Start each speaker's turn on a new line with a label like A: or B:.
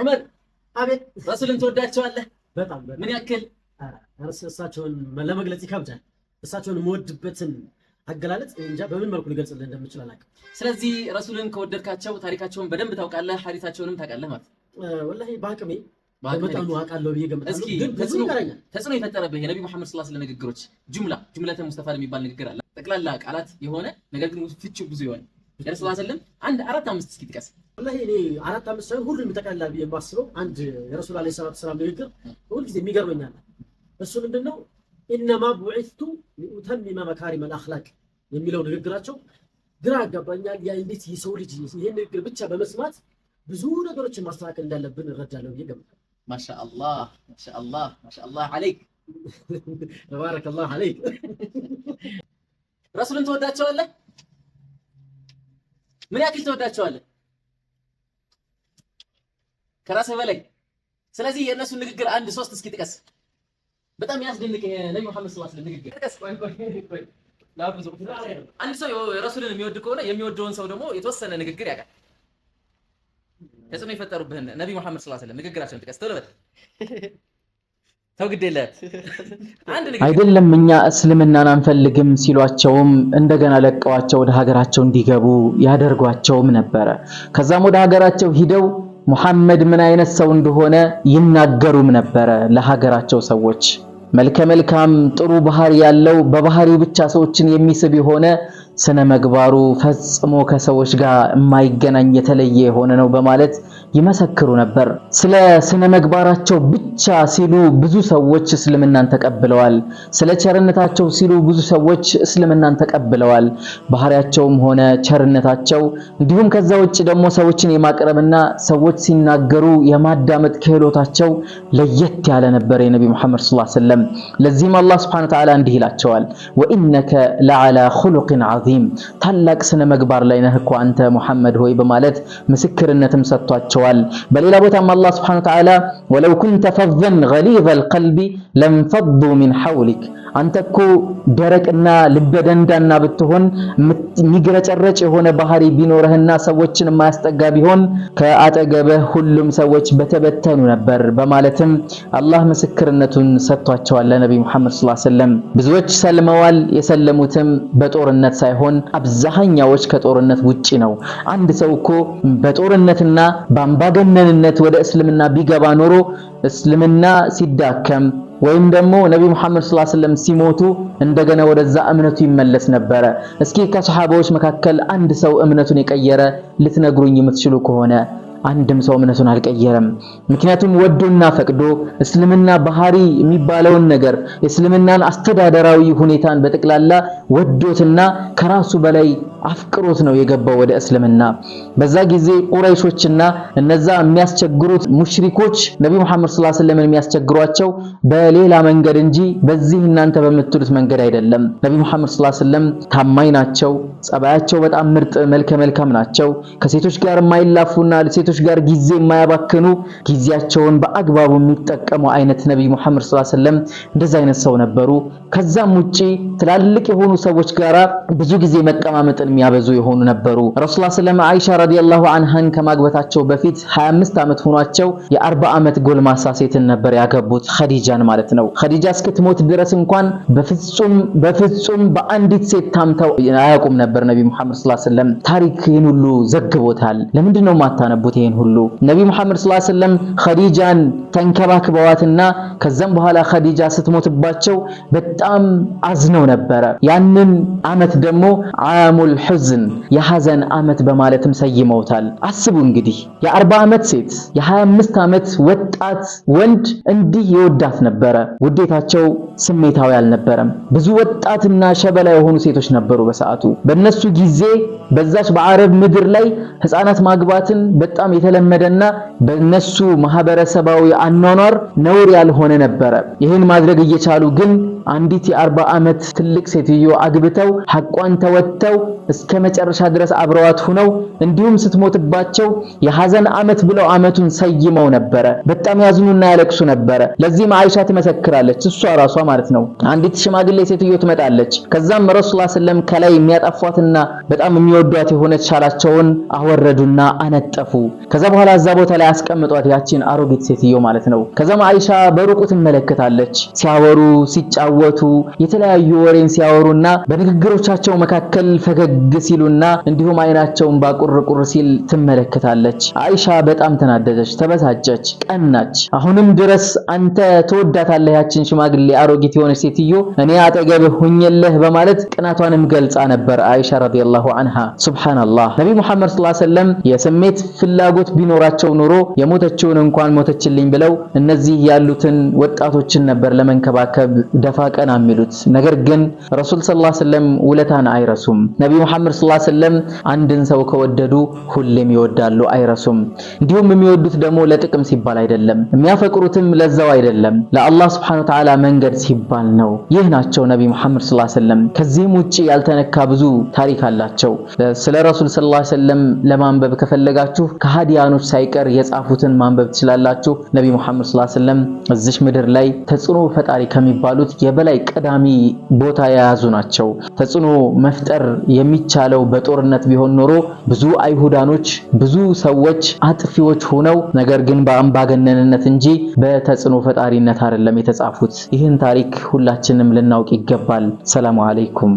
A: ዑመር አቤት ረሱልን ትወዳቸዋለህ? በጣም ምን ያክል?
B: እሳቸውን ለመግለጽ ይከብዳል። እሳቸውን የምወድበትን አገላለጽ እንጃ በምን መልኩ ሊገልጽልህ እንደምችል አላውቅም።
A: ስለዚህ ረሱልን ከወደድካቸው ታሪካቸውን በደንብ ታውቃለህ፣ ሀዲታቸውንም ታውቃለህ ማለት ነው።
B: ወላሂ በአቅሜ በመጠኑ አውቃለሁ ብዬ ገምታለሁ።
A: ተጽዕኖ የፈጠረብህ የነቢ መሐመድ ስላ ስለ ንግግሮች ጁምላ ጁምለተ ሙስተፋ የሚባል ንግግር አለ። ጠቅላላ ቃላት የሆነ ነገር ግን ፍቺው ብዙ የሆነ የረሱል ስለም አንድ አራት አምስት እስኪ ጥቀስ
B: ወላሂ እኔ አራት አምስት ሳይሆን ሁሉም ይጠቃልላል ብዬ የማስበው አንድ የረሱል ዓለይሂ ሰላቱ ሰላም ንግግር ሁልጊዜ የሚገርመኛል። እሱ ምንድን ነው ኢነማ ቡዒስቱ ሊኡተሚመ መካሪመ አኽላቅ የሚለው ንግግራቸው ግራ ያጋባኛል። ያ እንዴት የሰው ልጅ ይህን ንግግር ብቻ በመስማት ብዙ ነገሮችን ማስተካከል እንዳለብን እረዳለሁ ብዬ ገምታለሁ።
A: ማሻአላህ ማሻአላህ ማሻአላህ
B: ተባረከላህ አለይክ።
A: ረሱልን ትወዳቸዋለህ? ምን ያክል ትወዳቸዋለህ? ከራስህ በላይ ስለዚህ የእነሱ ንግግር አንድ ሶስት እስኪ ጥቀስ። በጣም ያስደንቅ ነብዩ መሐመድ ሰለላሁ ዐለይሂ ንግግር ጥቀስ። አንድ ሰው ረሱልን የሚወድ ከሆነ የሚወደውን ሰው ደግሞ የተወሰነ ንግግር ያውቃል። ተጽዕኖ የፈጠሩብህን ነብይ መሐመድ ሰለላሁ ዐለይሂ ወሰለም ንግግራቸውን ጥቀስ። ተውለበት
C: አይደለም እኛ እስልምናን አንፈልግም ሲሏቸውም እንደገና ለቀዋቸው ወደ ሀገራቸው እንዲገቡ ያደርጓቸውም ነበረ። ከዛም ወደ ሀገራቸው ሂደው ሙሐመድ ምን አይነት ሰው እንደሆነ ይናገሩም ነበረ ለሀገራቸው ሰዎች። መልከ መልካም ጥሩ ባህሪ ያለው በባህሪው ብቻ ሰዎችን የሚስብ የሆነ ስነ መግባሩ ፈጽሞ ከሰዎች ጋር የማይገናኝ የተለየ የሆነ ነው በማለት ይመሰክሩ ነበር። ስለ ስነ መግባራቸው ብቻ ሲሉ ብዙ ሰዎች እስልምናን ተቀብለዋል። ስለ ቸርነታቸው ሲሉ ብዙ ሰዎች እስልምናን ተቀብለዋል። ባህሪያቸውም ሆነ ቸርነታቸው እንዲሁም ከዛ ውጭ ደግሞ ሰዎችን የማቅረብና ሰዎች ሲናገሩ የማዳመጥ ክህሎታቸው ለየት ያለ ነበር የነቢ መሐመድ ሰለላሁ ዐለይሂ ወሰለም። ለዚህም አላህ ሱብሓነሁ ወተዓላ እንዲህ ይላቸዋል ወኢነከ ለዓላ ኹሉቅን ዐዚም ታላቅ ስነ ምግባር ላይ ነህ እኮ አንተ ሙሐመድ ሆይ በማለት ምስክርነትም ሰጥቷቸዋል። በሌላ ቦታም አላህ ሱብሓነሁ ወተዓላ ወለው ኩንተ ፈዘን ገሊዘል ቀልቢ ለንፈዱ ሚን ሐውሊክ አንተ እኮ ደረቅና ልበደንዳና ብትሆን የሚግረጨረጭ የሆነ ባህሪ ቢኖርህና ሰዎችን የማያስጠጋ ቢሆን ከአጠገብህ ሁሉም ሰዎች በተበተኑ ነበር በማለትም አላህ ምስክርነቱን ሰጥቷቸዋል ለነቢዩ መሐመድ ሰለላሁ ዐለይሂ ወሰለም። ብዙዎች ሰልመዋል። የሰለሙትም በጦርነት ሳይሆን አብዛኛዎች ከጦርነት ውጪ ነው። አንድ ሰው እኮ በጦርነትና በአምባገነንነት ወደ እስልምና ቢገባ ኖሮ እስልምና ሲዳከም ወይም ደግሞ ነቢ ሙሐመድ ሰለላሁ ዐለይሂ ወሰለም ሲሞቱ እንደገና ወደዛ እምነቱ ይመለስ ነበረ። እስኪ ከሰሐባዎች መካከል አንድ ሰው እምነቱን የቀየረ ልትነግሩኝ የምትችሉ ከሆነ አንድም ሰው እምነቱን አልቀየረም። ምክንያቱም ወዶና ፈቅዶ እስልምና ባህሪ የሚባለውን ነገር የእስልምናን አስተዳደራዊ ሁኔታን በጠቅላላ ወዶትና ከራሱ በላይ አፍቅሮት ነው የገባው ወደ እስልምና። በዛ ጊዜ ቁረይሾችና እነዛ የሚያስቸግሩት ሙሽሪኮች ነቢ መሐመድ ሰለላሁ ዐለይሂ ወሰለም የሚያስቸግሯቸው በሌላ መንገድ እንጂ በዚህ እናንተ በምትሉት መንገድ አይደለም። ነቢ መሐመድ ሰለላሁ ዐለይሂ ወሰለም ታማኝ ናቸው። ጸባያቸው በጣም ምርጥ መልከ መልካም ናቸው። ከሴቶች ጋር የማይላፉና ሴቶች ከሴቶች ጋር ጊዜ የማያባክኑ ጊዜያቸውን በአግባቡ የሚጠቀሙ አይነት ነብይ መሐመድ ሰለላሁ ዐለይሂ ወሰለም እንደዛ አይነት ሰው ነበሩ። ከዛም ውጪ ትላልቅ የሆኑ ሰዎች ጋራ ብዙ ጊዜ መቀማመጥን የሚያበዙ የሆኑ ነበሩ። ረሱላ ወሰለም አይሻ ረዲየላሁ አንሃን ከማግበታቸው በፊት 25 ዓመት ሆኗቸው የአርባ ዓመት ጎልማሳ ሴትን ነበር ያገቡት ኸዲጃን ማለት ነው። ኸዲጃ እስክትሞት ድረስ እንኳን በፍጹም በፍጹም በአንዲት ሴት ታምተው አያውቁም ነበር ነብይ መሐመድ ሰለላሁ ዐለይሂ ወሰለም። ታሪክን ሁሉ ዘግቦታል። ለምንድን ነው የማታነቡት? ይህን ሁሉ ነቢ መሐመድ ሰለላሁ ዐለይሂ ወሰለም ኸዲጃን ተንከባክበዋትና ከዛም በኋላ ኸዲጃ ስትሞትባቸው በጣም አዝነው ነበረ። ያንን አመት ደግሞ ዓሙል ሑዝን የሐዘን አመት በማለትም ሰይመውታል። አስቡ እንግዲህ የ40 ዓመት ሴት የ25 ዓመት ወጣት ወንድ እንዲህ የወዳት ነበረ። ውዴታቸው ስሜታዊ አልነበረም። ብዙ ወጣትና ሸበላ የሆኑ ሴቶች ነበሩ በሰዓቱ በነሱ ጊዜ በዛች በአረብ ምድር ላይ ህፃናት ማግባትን በጣም በጣም የተለመደና በነሱ ማህበረሰባዊ አኗኗር ነውር ያልሆነ ነበረ። ይህን ማድረግ እየቻሉ ግን አንዲት የአርባ ዓመት ትልቅ ሴትዮ አግብተው ሐቋን ተወጥተው እስከ መጨረሻ ድረስ አብረዋት ሁነው እንዲሁም ስትሞትባቸው የሐዘን ዓመት ብለው ዓመቱን ሰይመው ነበረ። በጣም ያዝኑና ያለቅሱ ነበረ። ለዚህም አይሻ ትመሰክራለች፣ እሷ ራሷ ማለት ነው። አንዲት ሽማግሌ ሴትዮ ትመጣለች። ከዛም ረሱላ ሰለም ከላይ የሚያጠፏትና በጣም የሚወዷት የሆነች ሻላቸውን አወረዱና አነጠፉ። ከዛ በኋላ እዛ ቦታ ላይ አስቀምጧት ያችን አሮጊት ሴትዮ ማለት ነው። ከዛም አይሻ በሩቁ ትመለከታለች። ሲያወሩ ሲጫወቱ፣ የተለያዩ ወሬን ሲያወሩና በንግግሮቻቸው መካከል ፈገግ ሲሉና እንዲሁም አይናቸውን ባቁርቁር ሲል ትመለከታለች። አይሻ በጣም ተናደደች፣ ተበሳጨች፣ ቀናች። አሁንም ድረስ አንተ ትወዳታለህ ያችን ሽማግሌ አሮጊት የሆነች ሴትዮ እኔ አጠገብህ ሁኝልህ በማለት ቅናቷንም ገልጻ ነበር አይሻ ረዲየላሁ አንሃ ሱብሃንአላህ ነቢ ሙሐመድ ሰለላሁ ዐለይሂ ወሰለም የስሜት ፍላ ፍላጎት ቢኖራቸው ኖሮ የሞተችውን እንኳን ሞተችልኝ ብለው እነዚህ ያሉትን ወጣቶችን ነበር ለመንከባከብ ደፋ ቀና የሚሉት። ነገር ግን ረሱል ሰለላሁ ዐለይሂ ወሰለም ውለታን አይረሱም። ነቢ መሐመድ ሰለላሁ ዐለይሂ ወሰለም አንድን ሰው ከወደዱ ሁሌም ይወዳሉ፣ አይረሱም። እንዲሁም የሚወዱት ደግሞ ለጥቅም ሲባል አይደለም፣ የሚያፈቅሩትም ለዛው አይደለም፣ ለአላህ ሱብሓነሁ ወተዓላ መንገድ ሲባል ነው። ይህ ናቸው ነቢ መሐመድ ሰለላሁ ዐለይሂ ወሰለም። ከዚህም ውጪ ያልተነካ ብዙ ታሪክ አላቸው። ስለ ረሱል ሰለላሁ ዐለይሂ ወሰለም ለማንበብ ከፈለጋችሁ ከሃዲያኖች ሳይቀር የጻፉትን ማንበብ ትችላላችሁ። ነቢ መሐመድ ሰለላሁ ዐለይሂ ወሰለም እዚች ምድር ላይ ተጽዕኖ ፈጣሪ ከሚባሉት የበላይ ቀዳሚ ቦታ የያዙ ናቸው። ተጽዕኖ መፍጠር የሚቻለው በጦርነት ቢሆን ኖሮ ብዙ አይሁዳኖች፣ ብዙ ሰዎች አጥፊዎች ሆነው ነገር ግን በአምባገነንነት እንጂ በተጽዕኖ ፈጣሪነት አይደለም የተጻፉት። ይህን ታሪክ ሁላችንም ልናውቅ ይገባል። ሰላሙ አለይኩም